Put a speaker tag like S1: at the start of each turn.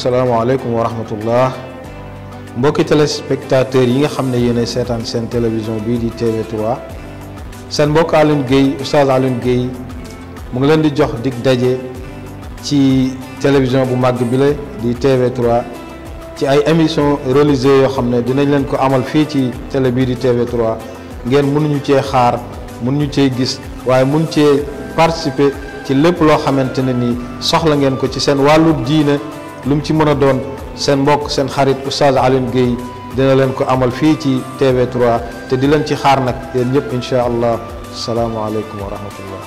S1: asalaamaaleykum wa rahmatullah mbokki téléspectateurs yi nga xam ne yéenay seetaan télévision bii di TV3 seen mbokk Alioune Guèye oustaz Alioune Guèye mu ngi leen di jox dig daje ci télévision bu màgg bi la di TV3 ci ay émission religieuses yoo xam ne dinañ leen ko amal fii ci télé bii di TV3 ngeen mënuñu cee xaar mënuñu cee gis waaye mën cee participer ci lépp loo xamante ne soxla ngeen ko ci seen wàllu diine lu mu ci mën a doon seen mbokk seen xarit Oustaz Alioune Guèye dina leen ko amal fii ci tv te di leen ci xaar nag yéen ñëpp incha allah salaamualeykum wa rahmatullah